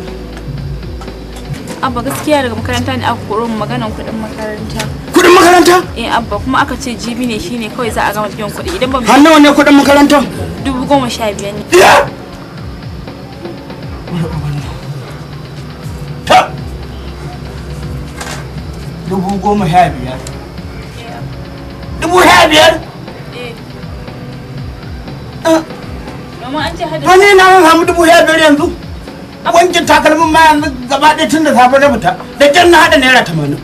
abba gaskiya daga makaranta ne aka koro mu maganan kudin makaranta kudin makaranta eh abba kuma aka ce jibi ne shine kawai za a gama biyan kuɗi idan ba har nawa ne kudin makaranta dubu goma sha biyar ne dubu goma sha biyar eh, dubu sha biyar Wani na mun samu dubu ya biyar yanzu. Wankin takalmin ma yanzu gaba ɗaya tun da safe na fita. Da kyan na haɗa naira tamanin.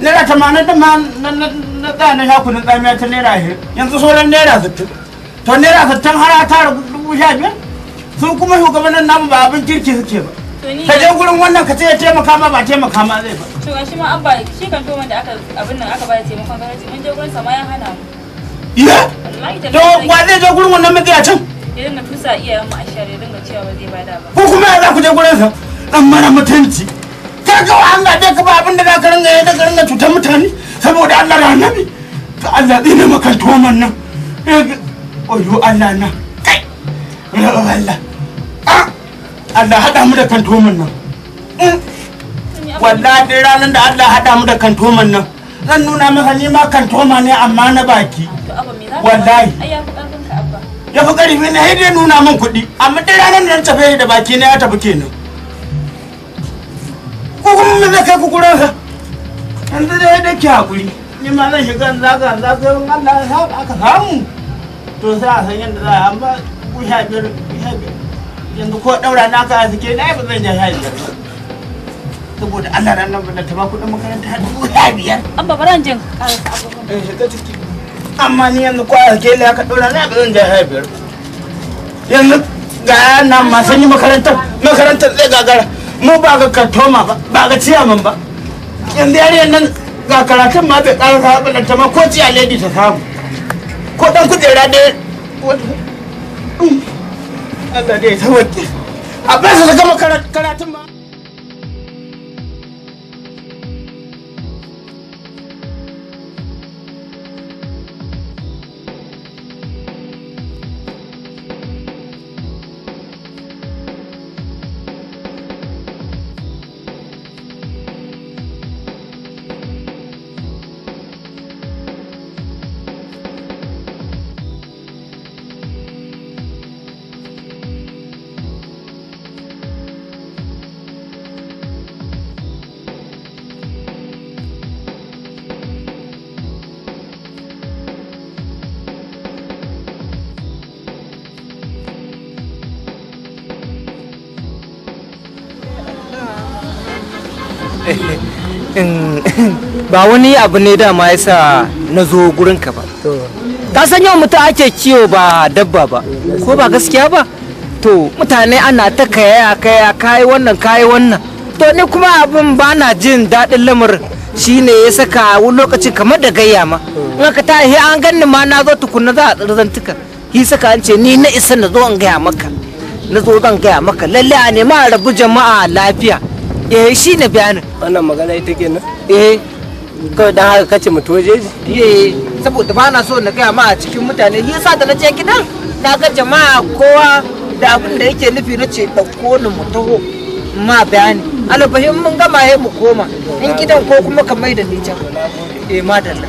Naira tamanin da ma na tsaya na sha kudin tsamiya ta naira ashirin. Yanzu sauran naira sittin. To naira sittin har a tara dubu sha biyar. Sun kuma shugabannin namu ba abin kirki suke ba. Ka je gurin wannan ka ce ya taimaka ma ba taimaka ma zai ba. To shi ma abba shi kan to da aka abin nan aka ba da taimakon gwamnati mun je gurin sama ya hana mu. iya to wa zai je gurin wannan mai can ya dinga tusa iya a share ya dinga cewa ba zai bada ko kuma ya za ku je gurin sa dan mara mutunci kaga wa an gaje ka ba abin da za ka ringa yi da ka ringa cutar mutane saboda Allah da annabi ka Allah dine maka tuwon nan oyo Allah na kai Allah Allah haɗa mu da kantoman nan mm. wallahi ranar da Allah hada mu da kantoman nan dan nuna masa ni ma kan toma ne amma na baki wallahi ya fi ƙarfi na haidai nuna min kuɗi amma dai ranar da tafe da baki na ya tafi kenan ko kuma mun zaka ku kuran sa yanzu da ya dake hakuri ni ma zan shiga zaga zaga in Allah ya aka samu to sai a san yadda za a amma ku sha biyar ku sha biyar yanzu ko ɗaura na ka a suke na ba zan ja sha biyar saboda Allah ran nan ban taba kuɗin makaranta dubu ɗaya biyar. An ran jin abubuwan. Amma ni yanzu ko a aka ɗora na zan ɗaya biyar. Yanzu ga nan ma sun yi zai gagara mu ba ga kartoma ba ba ga ciyaman ba. Yanzu nan ga karatun ma bai ƙara ta ta ma ko ciya ta samu. Ko ɗan kujera Allah dai ta A bai su karatun ma. ba wani abu ne dama ya sa na zo gurin ka ba ka san yau mutum ake kiwo ba dabba ba ko ba gaskiya ba to mutane ana ta kaya kaya kayi wannan kayi wannan to ni kuma abin ba na jin daɗin lamarin shine ya saka wani lokacin kamar da gayya ma in ka ta yi an ganni ma na zo tukunna za a tsarzantuka k'i saka an ce ni na isa na zo an gaya maka na zo zan gaya maka lalle a nema a rabu jama'a lafiya eh shi ne bayanin wannan magana ita kenan eh kawai da haka kace mu toje ji eh saboda ba na so na gaya ma a cikin mutane sa da na je gidan na ga jama'a kowa da abin da yake nufi na ce ɗauko ni mu taho ma bayani alabahin mun gama ya mu koma in gidan ko kuma ka mai da ni can eh madalla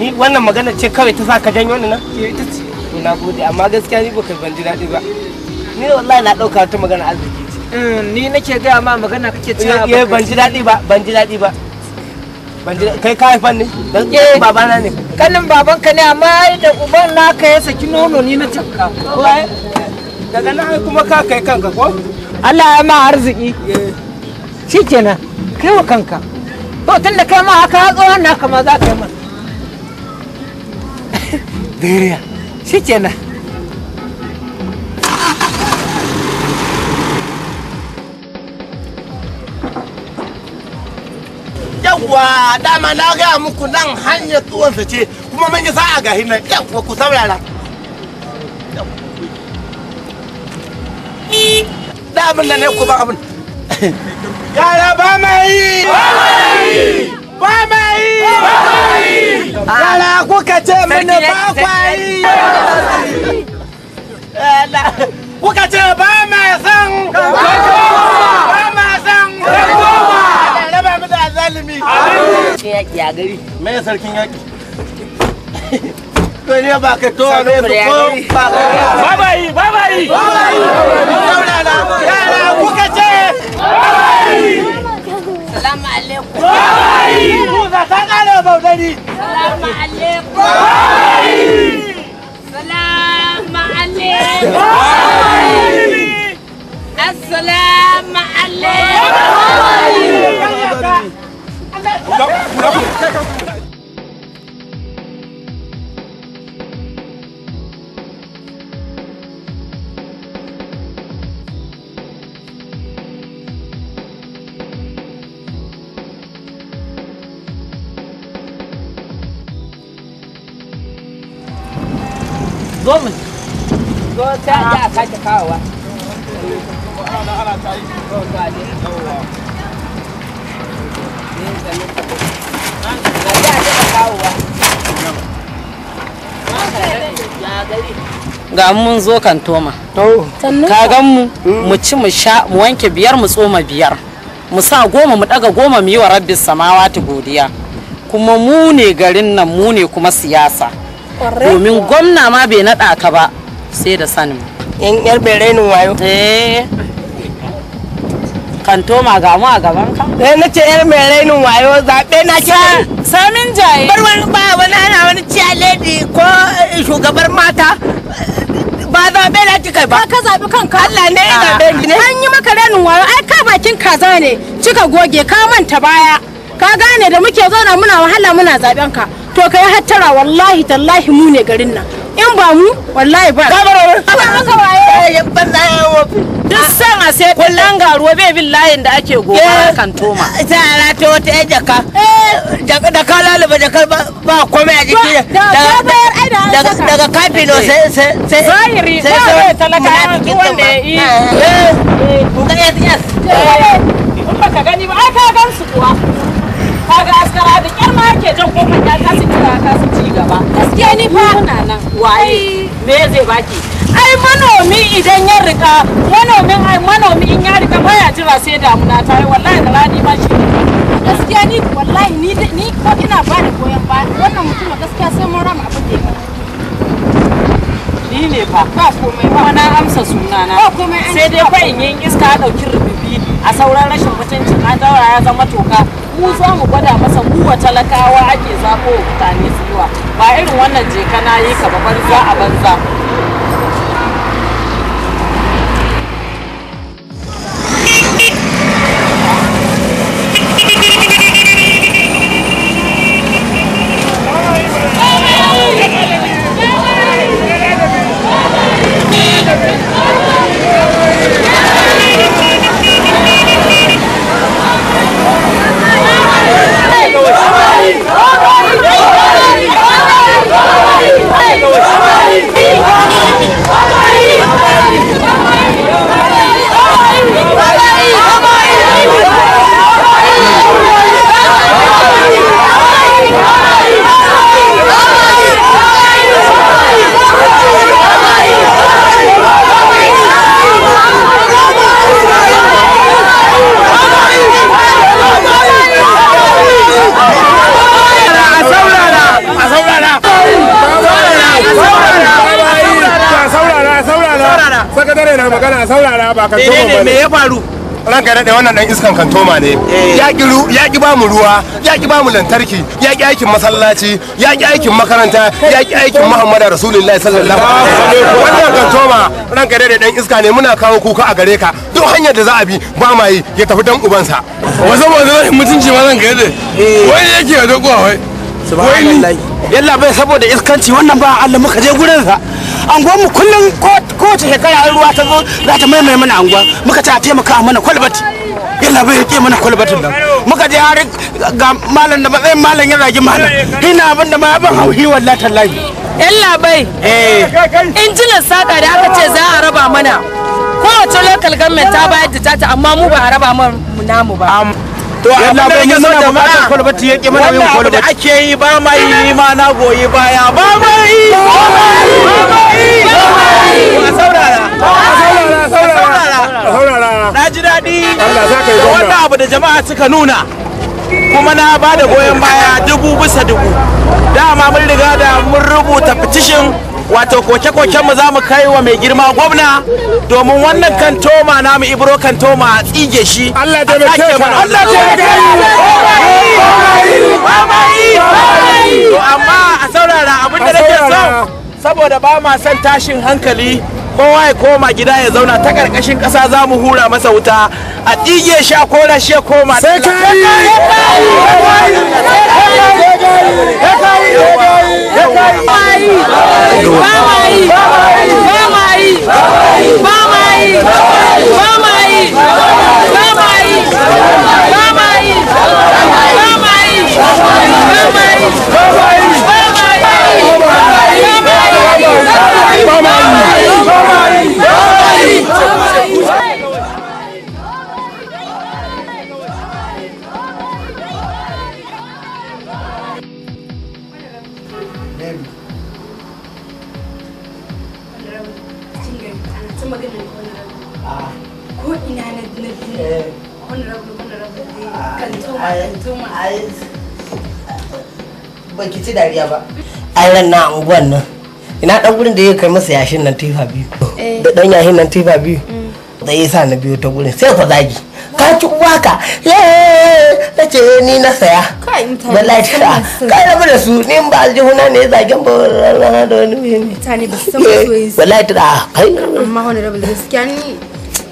ni wannan magana ce kawai ta sa ka janyo ni na eh ita ce to na gode amma gaskiya ni ba kai ban ji daɗi ba ni wallahi na ɗauka ta magana arziki Mm, ni nake gaya ma magana kake cewa eh, eh, ba ban ji daɗi ba ban ji daɗi ba kai ka haifan ne eh, baba na ne kanin ka ne amma da uban naka ya saki nono ni na tafka daga nan kuma ka kai kanka ko Allah ya ma arziki shikenan kai wa kanka to tun da kai ma haka tsohon naka ma za ka yi mana Dariya shikenan yawwa dama na gaya muku nan hanyar tsuwansa ce kuma mun yi sa'a ga hinan yawwa ku saurara da abin da na ku ban abin yara ba ma yi ba ma yi yara kuka ce mini ba kwa yi eh, kuka ce ba ma san sarkin yaƙi a gari me sarkin yaƙi Ko ne ba ka to ne ko ba ka yi. bye bye yi. bye yara kuka ce salamu alaikum bye ku ta kare baudari salamu alaikum bye salamu alaikum bye assalamu alaikum zo mu zo ta ji a sake kawowa ana ga mun zo kantoma ka gan mu mm. mu ci mu sha mu wanke biyar mu tsoma biyar mu sa goma mu daga goma mu yi wa samawa ta godiya kuma mu ne garin nan mu ne kuma siyasa domin gwamna ma bai naɗa ka ba sai da sanin yan yar bai wayo eh kantoma ga mu a gaban ka eh nace yar mai rainin wayo zabe na ki samin jaye bar wani ba wani ana wani ciya lady ko eh, shugabar mata ba zaɓe na cika ba. Ka zaɓi kanka. Allah ne ya zaɓe ni ne. Ah, an yi maka rainin wayo ai ka bakin kaza ne cika goge ka manta baya. Ka gane da muke zauna muna wahala muna zaɓen ka. To ka yi hattara wallahi tallahi mu ne garin nan. in ba mu wallahi ba ka bar wurin ba eh. eh, ya wofi duk ah. san a sai garuwa bai bin layin da ake gobara eh, kan toma ah, ta wata jaka da ka lalaba ba a jiki daga sai sai sai talaka wanda ya yi yes yes ka gani ba ai ka gan su kuwa kaga askara da kyar ma yake jan kofar ya kasa kira ya ci gaba gaskiya ni fa muna nan waye me zai baki ai manomi idan ya rika manomin ai manomi in ya rika baya jira sai damuna ta yi wallahi da rani ma shi gaskiya ni wallahi ni ni ko ina ba da goyon ba wannan mutum gaskiya sai mun rama abin da ya ni ne fa ba komai ba na amsa sunana sai dai fa in yin iska dauki a sauran rashin mutuncin an ya zama toka mu za mu gwada masa kuwa talakawa ake zafo mutane su wa ba irin wannan jeka na yi ka ba za a banza ba kan toma me ya faru ranka daɗe wannan ɗan iskan kantoma ne eh. ya ki ba mu ruwa ya ki ba mu lantarki ya ki aikin masallaci ya ki aikin makaranta ya ki aikin muhammadu rasulullahi sallallahu alaihi wasallam wannan kantoma ranka daɗe ɗan iska ne muna kawo kuka a gare ka duk hanyar da za a bi ba ma yi ya tafi dan ubansa wasu ba zai mutunci ma ranka daɗe eh. wani yake da dokuwa wai subhanallahi yalla bai saboda iskanci wannan ba Allah muka je gurin sa an mu kullum ko kowace shekara an ruwa ta zo za ta maimai mana anguwa muka ta taimaka mana kwalbati yana bai ke mana kwalbatin nan muka je har ga malam da matsayin malam ya zagi malam ina abin da ma ban hauhi wallahi tallahi yalla labai eh injinan saka da aka ce za a raba mana kowace local government ta bayar da tata amma mu ba a raba mana namu ba to labai ne mun da bukatar kwalbati ya ke mana yin kwalbati da ake yi ba mai ni ma na goyi baya ba ma yi ba mai ba mai na ji daɗi da wannan abu da jama'a suka nuna kuma na ba da goyon baya dubu bisa dubu dama mun riga da mun rubuta fitishin wato koke-koken mu za mu kai wa mai girma gwamna domin wannan kan toma namu ibro kan toma a tsige shi Allah amma a saurara nake so saboda ba ma son tashin hankali kowa ya koma gida ya zauna ta karkashin kasa za mu hura masa wuta a ɗige shi a kora shi ya koma Bye-bye. ba ci dariya ba ai ran na unguwan nan ina dan gurin da ya kai masa yashin nan tifa biyu eh. da dan yashin nan tifa biyu mm. da ya sa na biyo ta gurin sai ku zagi ka ci uwa ka ye eh, na ce eh, ni na saya wallahi ta kai rabu da su ni ba aljihuna ne zagen ba rana da wani mene mutane ba su san masoyi wallahi ta kai amma honorable gaskiya ni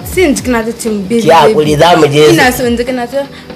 sai in ji kana ta cin bebe ki hakuri za mu je ina so in ji kana ta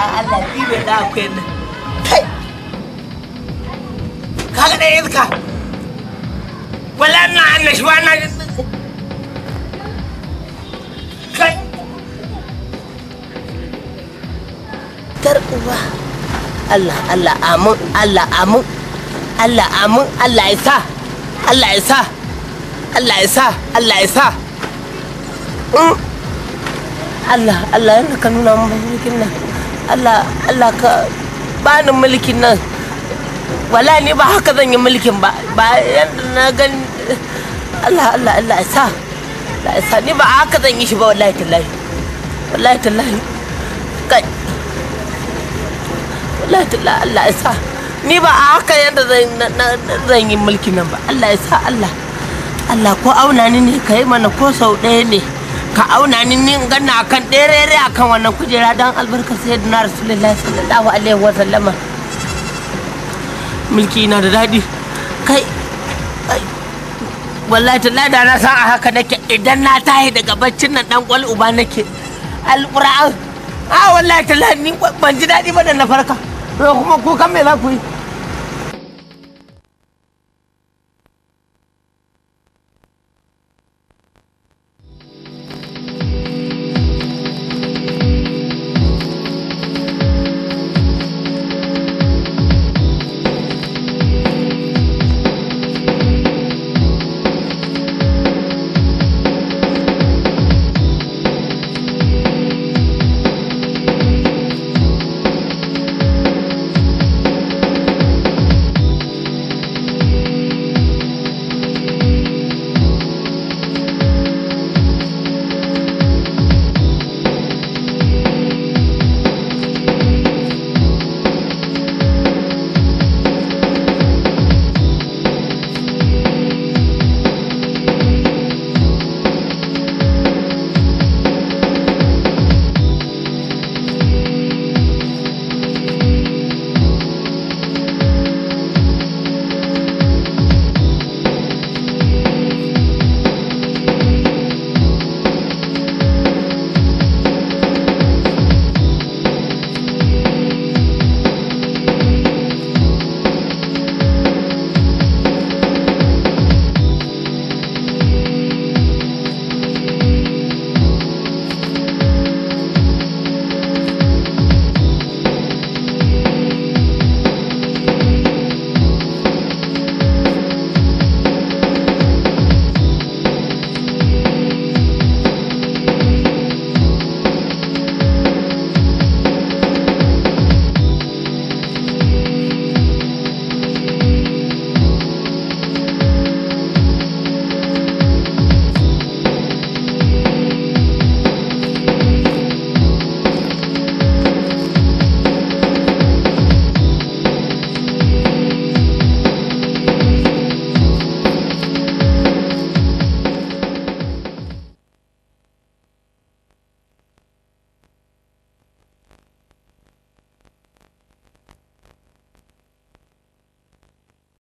Allah ɗibe da akwai nan kai na annashuwa na kai tar uba Allah Allah amin Allah amin Allah amin Allah ya sa Allah ya sa Allah ya sa Allah ya sa hmm? Allah Allah yana ka nuna mun nan Allah Allah ka bani mulkin nan wala ni ba haka zan yi mulkin ba ba yadda na gan Allah Allah Allah ya sa Allah ya sa ni ba haka zan yi shi ba wallahi tallahi wallahi tallahi kai wallahi tallahi Allah ya sa ni ba haka yadda zan yi mulkin nan ba Allah ya sa Allah Allah ko auna ni ne kai mana ko sau ɗaya ne ka auna ni ni ganna kan ɗerere akan wannan kujera don albarka sayyidina rasulullahi sallallahu alaihi wa sallama mulki na da daɗi kai wallahi talla da na san a haka nake idan na tahi daga baccin nan dan gwal uba nake alƙur'an a ah, wallahi talla ni ban ji daɗi ba da na farka to kuma kan me za ku yi